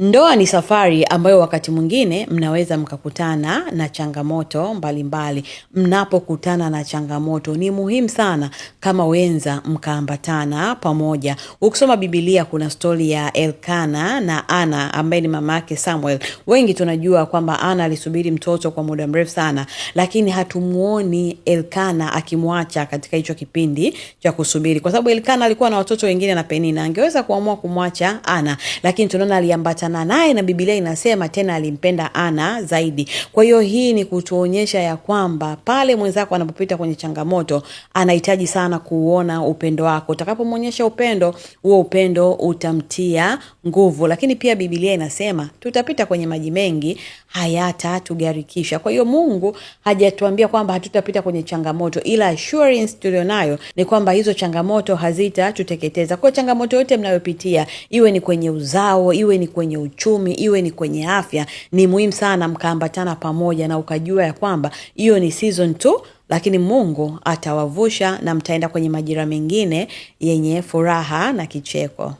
Ndoa ni safari ambayo wakati mwingine mnaweza mkakutana na changamoto mbalimbali. Mnapokutana na changamoto, ni muhimu sana kama wenza mkaambatana pamoja. Ukisoma Biblia kuna stori ya Elkana na Ana ambaye ni mama yake Samuel. Wengi tunajua kwamba Ana alisubiri mtoto kwa muda mrefu sana, lakini hatumwoni Elkana akimwacha katika hicho kipindi cha kusubiri, kwa sababu Elkana alikuwa na watoto wengine na Penina. Angeweza kuamua kumwacha Ana, lakini tunaona aliambatana aliachana naye, na Biblia inasema tena alimpenda Ana zaidi. Kwa hiyo hii ni kutuonyesha ya kwamba pale mwenzako anapopita kwenye changamoto anahitaji sana kuuona upendo wako. Utakapomwonyesha upendo, huo upendo utamtia nguvu. Lakini pia Biblia inasema tutapita kwenye maji mengi hayatatugarikisha. Kwa hiyo Mungu hajatuambia kwamba hatutapita kwenye changamoto, ila assurance tulionayo ni kwamba hizo changamoto hazitatuteketeza. Kwa changamoto yote mnayopitia, iwe ni kwenye uzao, iwe ni kwenye kwenye uchumi, iwe ni kwenye afya, ni muhimu sana mkaambatana pamoja na ukajua ya kwamba hiyo ni season tu, lakini Mungu atawavusha na mtaenda kwenye majira mengine yenye furaha na kicheko.